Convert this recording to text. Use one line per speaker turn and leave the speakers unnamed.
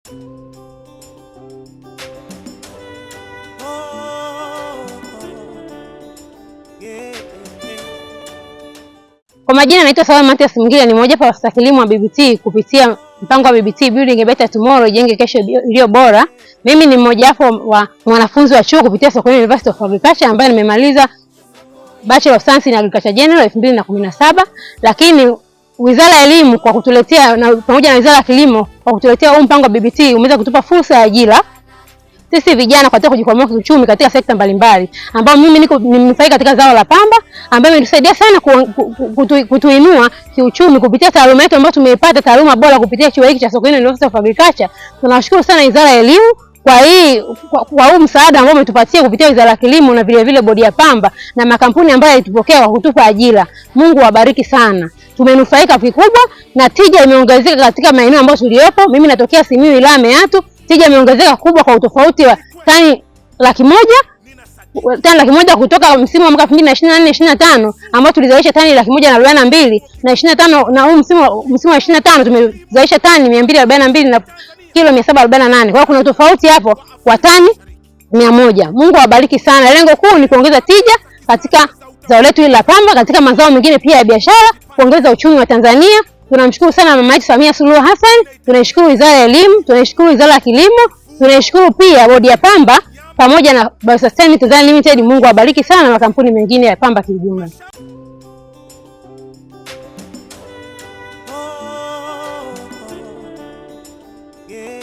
Kwa majina naitwa Salama Mathias Mngila, ni mmoja wa afisa wa BBT kupitia mpango wa BBT Building a Better Tomorrow, ijenge kesho iliyo bora. Mimi ni mmoja wapo wa mwanafunzi wa chuo kupitia Sokoine University of Agriculture ambaye nimemaliza Bachelor of Science in Agriculture General 2017 lakini Wizara ya Elimu kwa kutuletea na pamoja na Wizara ya Kilimo kwa kutuletea huu mpango wa BBT umeweza kutupa fursa ya ajira sisi vijana kwa katika kujikwamua kiuchumi katika sekta mbalimbali, ambao mimi niko nimefaika katika zao la pamba, ambayo imetusaidia sana ku, ku, kutu, kutuinua kiuchumi kupitia taaluma yetu ambayo tumeipata taaluma bora kupitia chuo hiki cha Sokoine University of Agriculture. Tunawashukuru sana Wizara ya Elimu kwa hii kwa, kwa huu msaada ambao umetupatia kupitia Wizara ya Kilimo na vile vile Bodi ya Pamba na makampuni ambayo yalitupokea kwa kutupa ajira. Mungu awabariki sana tumenufaika vikubwa na tija imeongezeka katika maeneo ambayo tuliyopo. Mimi natokea Simiyu, wilaya Meatu. Tija imeongezeka kubwa kwa utofauti wa tani laki moja tani laki moja kutoka msimu wa mwaka elfu mbili na ishirini na nne ishirini na tano ambao tulizalisha tani laki moja na arobaini na mbili na ishirini na tano na huu msimu msimu wa ishirini na tano tumezalisha tani mia mbili arobaini na mbili na kilo mia saba arobaini na nane kwa hiyo kuna utofauti hapo wa tani mia moja. Mungu awabariki sana. Lengo kuu ni kuongeza tija katika zao letu hili la pamba katika mazao mengine pia ya biashara, kuongeza uchumi wa Tanzania. Tunamshukuru sana mama yetu Samia Suluhu Hassan, tunaishukuru Wizara ya Elimu, tunaishukuru Wizara ya Kilimo, tunaishukuru pia Bodi ya Pamba pamoja na Biosustain Tanzania Limited. Mungu awabariki sana na makampuni mengine ya pamba kiujumla. Oh, oh, oh,